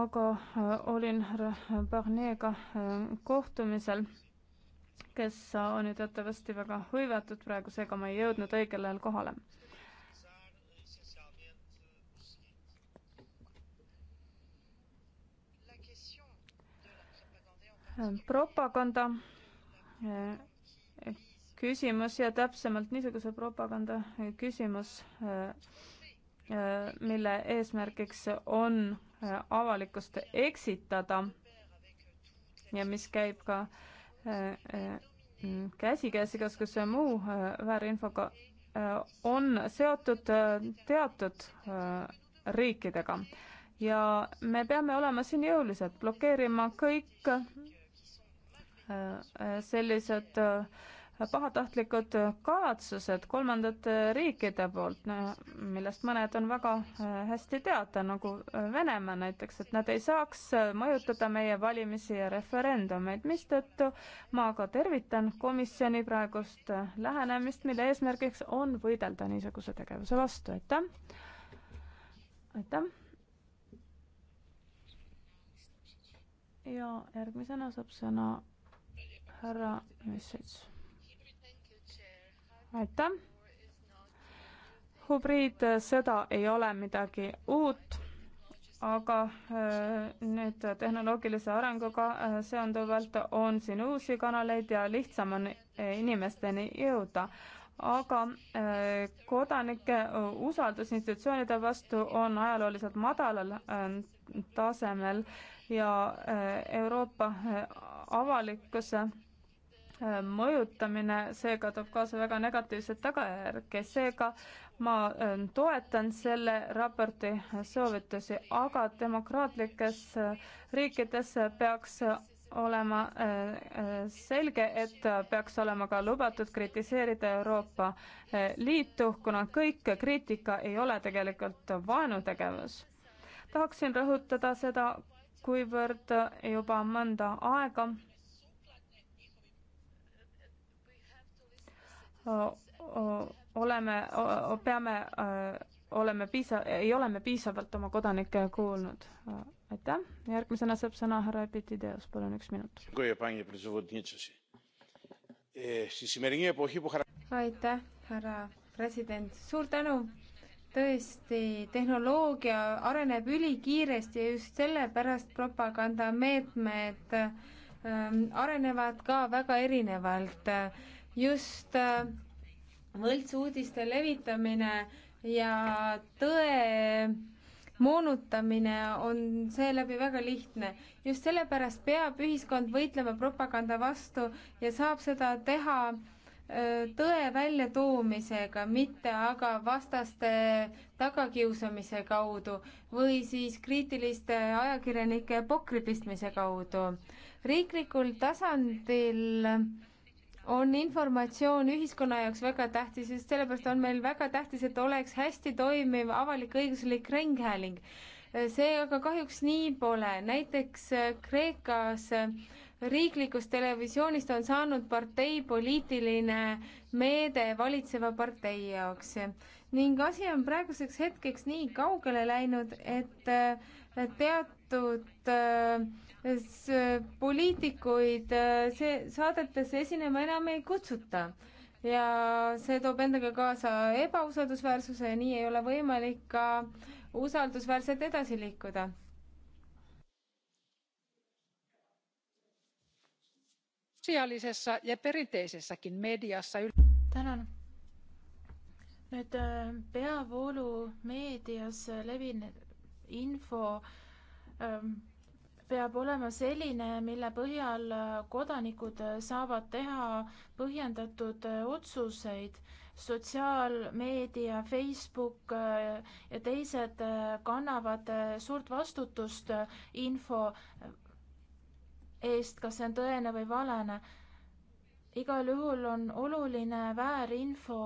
aga olin härra Barnier'ga kohtumisel kes on ju teatavasti väga hõivatud praegu, seega ma ei jõudnud õigel ajal kohale. propaganda eh, küsimus ja täpsemalt niisuguse propaganda eh, küsimus, eh, mille eesmärgiks on avalikkust eksitada ja mis käib ka äh, Äh, äh, mm, käsikäes igasuguse muu äh, väärinfoga on seotud teatud riikidega ja me peame olema siin jõulised, blokeerima kõik sellised äh, pahatahtlikud kavatsused kolmandate riikide poolt, millest mõned on väga äh, hästi teada, nagu äh, Venemaa näiteks, et nad ei saaks äh, mõjutada meie valimisi ja referendumeid, mistõttu ma ka tervitan komisjoni praegust lähenemist, mille eesmärgiks on võidelda niisuguse tegevuse vastu, aitäh! aitäh! ja järgmisena saab sõna härra Message aitäh! hübriidsõda ei ole midagi uut, aga äh, nüüd tehnoloogilise arenguga äh, seonduvalt on siin uusi kanaleid ja lihtsam on äh, inimesteni jõuda aga kodanike usaldus institutsioonide vastu on ajalooliselt madalal tasemel ja Euroopa avalikkuse Äh, mõjutamine, seega toob kaasa väga negatiivseid tagajärgi, seega ma ähm, toetan selle raporti soovitusi, aga demokraatlikes äh, riikides peaks äh, olema selge, et peaks olema ka lubatud kritiseerida Euroopa Liitu, kuna kõik kriitika ei ole tegelikult vaenutegevus. tahaksin rõhutada seda, kuivõrd juba mõnda aega oleme, peame, oleme piisa-, ei ole me piisavalt oma kodanikke kuulnud. aitäh, järgmisena saab sõna härra Epitideos, palun üks minut.
E,
aitäh, härra president, suur tänu tõesti, tehnoloogia areneb ülikiiresti ja just sellepärast propagandameetmed ähm, arenevad ka väga erinevalt äh, just äh, võltsuudiste levitamine ja tõe moonutamine on seeläbi väga lihtne. just sellepärast peab ühiskond võitlema propaganda vastu ja saab seda teha äh, tõe väljatoomisega, mitte aga vastaste tagakiusamise kaudu või siis kriitiliste ajakirjanike pokri pistmise kaudu. riiklikul tasandil on informatsioon ühiskonna jaoks väga tähtis, just sellepärast on meil väga tähtis, et oleks hästi toimiv avalik-õiguslik ringhääling. see aga kahjuks nii pole, näiteks äh, Kreekas äh, riiklikust televisioonist on saanud partei poliitiline meede valitseva partei jaoks ning asi on praeguseks hetkeks nii kaugele läinud, et äh, teatud äh, poliitikuid äh, see, saadetesse esinema enam ei kutsuta ja see toob endaga kaasa ebausaldusväärsuse ja nii ei ole võimalik ka usaldusväärselt edasi liikuda
sosiaalisessa ja perinteisessäkin mediassa. Tänan. Nüüd äh, peavoolumeedias levinud info ähm, peab olema selline, mille põhjal kodanikud saavad teha põhjendatud otsuseid. sotsiaalmeedia, Facebook äh, ja teised äh, kannavad äh, suurt vastutust info eest, kas see on tõene või valene igal juhul on oluline väärinfo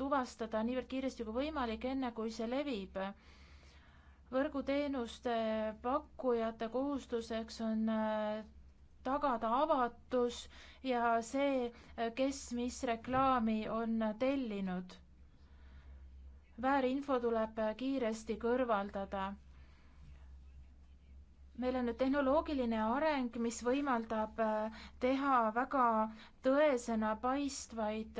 tuvastada niivõrd kiiresti kui võimalik, enne kui see levib võrguteenuste pakkujate kohustuseks on äh, tagada avatus ja see, äh, kes mis reklaami on tellinud. väärinfo tuleb äh, kiiresti kõrvaldada. meil on nüüd tehnoloogiline areng, mis võimaldab teha väga tõesena paistvaid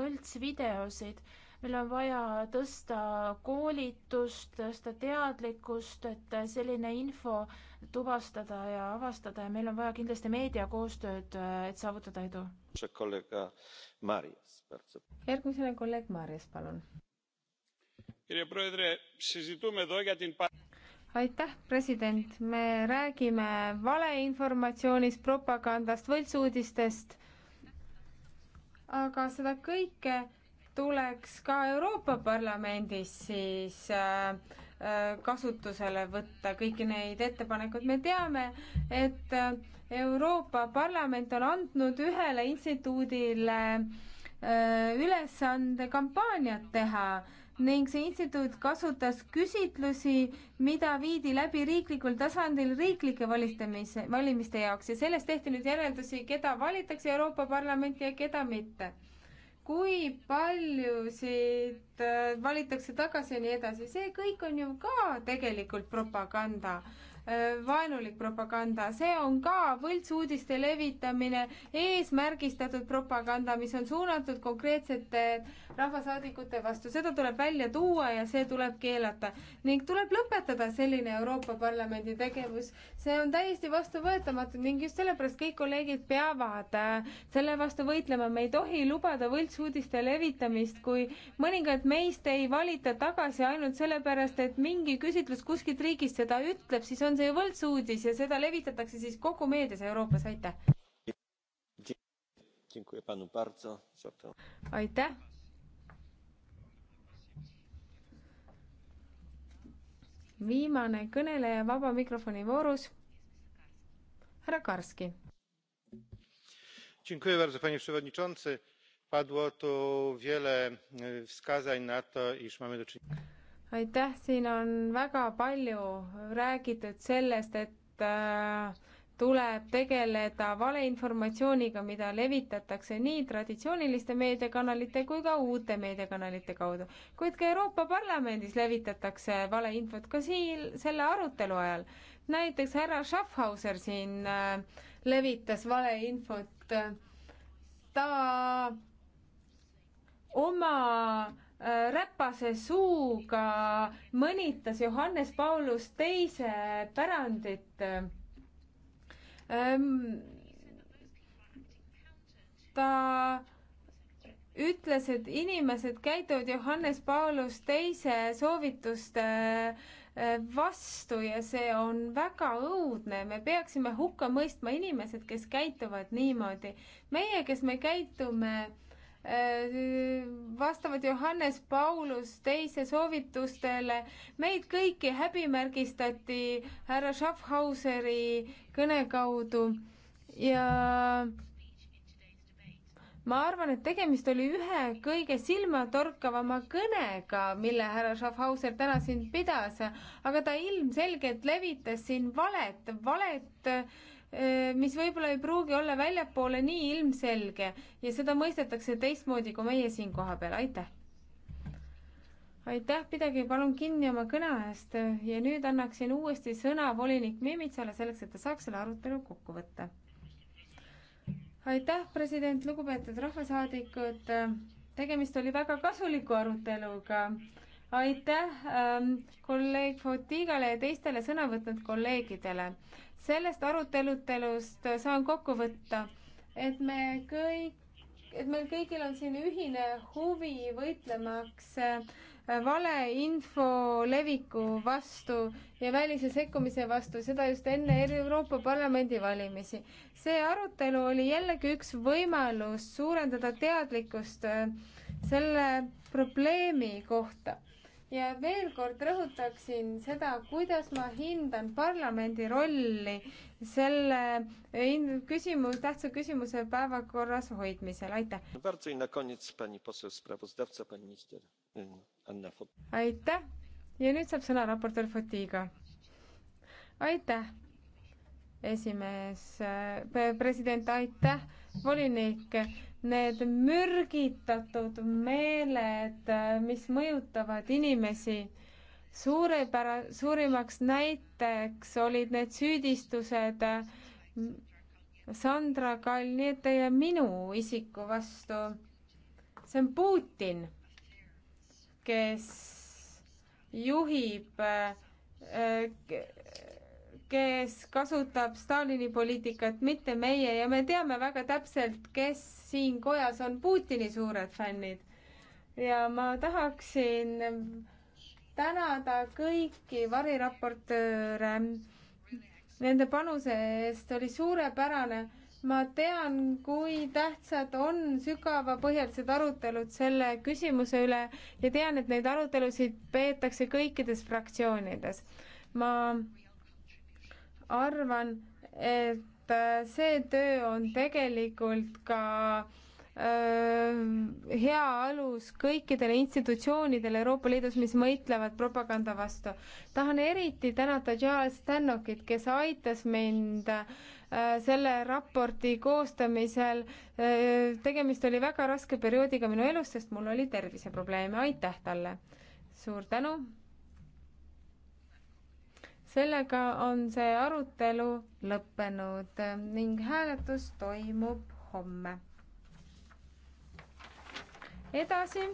võltsvideosid meil on vaja tõsta koolitust, tõsta teadlikkust, et selline info tuvastada ja avastada ja meil on vaja kindlasti meedia koostööd,
et saavutada edu. järgmisena kolleeg Marjas, palun. aitäh, president, me räägime valeinformatsioonist, propagandast, võltsuudistest, aga seda kõike tuleks ka Euroopa Parlamendis siis äh, äh, kasutusele võtta kõiki neid ettepanekuid. me teame, et äh, Euroopa Parlament on andnud ühele instituudile ülesande kampaaniat teha ning see instituut kasutas küsitlusi, mida viidi läbi riiklikul tasandil riiklike valistamise, valimiste jaoks ja sellest tehti nüüd järeldusi, keda valitakse Euroopa Parlamenti ja keda mitte kui paljusid äh, valitakse tagasi ja nii edasi, see kõik on ju ka tegelikult propaganda. Äh, vaenulik propaganda, see on ka võltsuudiste levitamine, eesmärgistatud propaganda, mis on suunatud konkreetsete rahvasaadikute vastu, seda tuleb välja tuua ja see tuleb keelata. ning tuleb lõpetada selline Euroopa Parlamendi tegevus, see on täiesti vastuvõetamatu ning just sellepärast kõik kolleegid peavad äh, selle vastu võitlema, me ei tohi lubada võltsuudiste levitamist, kui mõningad meist ei valita tagasi ainult sellepärast, et mingi küsitlus kuskilt riigist seda ütleb, siis on on see ju võltsuudis ja seda levitatakse siis kogu meedias Euroopas, aitäh. aitäh. viimane kõneleja vaba mikrofoni voorus. härra Karski.
panie przewodniczący! padło tu wiele e, wskazań na to iż mamy do czynienia
aitäh, siin on väga palju räägitud sellest, et äh, tuleb tegeleda valeinformatsiooniga, mida levitatakse nii traditsiooniliste meediakanalite kui ka uute meediakanalite kaudu. kuid ka Euroopa Parlamendis levitatakse valeinfot ka siin selle arutelu ajal. näiteks härra Schaffhauser siin äh, levitas valeinfot. ta oma räpase suuga mõnitas Johannes Paulus teise pärandit. Ehm, ta ütles, et inimesed käituvad Johannes Paulus teise soovituste e, vastu ja see on väga õudne, me peaksime hukka mõistma inimesed, kes käituvad niimoodi. meie, kes me käitume vastavad Johannes Paulus teise soovitustele. meid kõiki häbimärgistati härra Schaffhauseri kõne kaudu ja ma arvan, et tegemist oli ühe kõige silmatorkavama kõnega, mille härra Schaffhauser täna siin pidas, aga ta ilmselgelt levitas siin valet, valet äh, Äh, mis võib-olla ei pruugi olla väljapoole nii ilmselge ja seda mõistetakse teistmoodi kui meie siin kohapeal, aitäh! aitäh, pidage palun kinni oma kõne eest ja nüüd annaksin uuesti sõna volinik Mimitsale selleks, et ta saaks selle arutelu kokku võtta. aitäh, president, lugupeetud rahvasaadikud, tegemist oli väga kasuliku aruteluga aitäh ähm, kolleeg Fotigale ja teistele sõna võtnud kolleegidele sellest arutelutelust saan kokku võtta, et me kõik, et meil kõigil on siin ühine huvi võitlemaks äh, valeinfo leviku vastu ja välise sekkumise vastu, seda just enne Euroopa Parlamendi valimisi. see arutelu oli jällegi üks võimalus suurendada teadlikkust äh, selle probleemi kohta ja veel kord rõhutaksin seda, kuidas ma hindan parlamendi rolli selle küsimus, tähtsa küsimuse päevakorras hoidmisel, aitäh. Mm, aitäh ja nüüd saab sõna raportöör Fatiga. aitäh esimees, president, aitäh, volinik. Need mürgitatud meeled, mis mõjutavad inimesi, suurepära-, suurimaks näiteks olid need süüdistused Sandra Kalniete ja minu isiku vastu. see on Putin, kes juhib äh, kes kasutab Stalini poliitikat, mitte meie ja me teame väga täpselt, kes siin kojas on Putini suured fännid. ja ma tahaksin tänada kõiki variraportööre nende panuse eest, oli suurepärane. ma tean, kui tähtsad on sügavapõhjalised arutelud selle küsimuse üle ja tean, et neid arutelusid peetakse kõikides fraktsioonides. ma arvan, et äh, see töö on tegelikult ka äh, hea alus kõikidele institutsioonidele Euroopa Liidus, mis mõtlevad propaganda vastu. tahan eriti tänada Charles Stanokit, kes aitas mind äh, selle raporti koostamisel. tegemist oli väga raske perioodiga minu elus, sest mul oli terviseprobleeme, aitäh talle. suur tänu sellega on see arutelu lõppenud ning hääletus toimub homme. edasi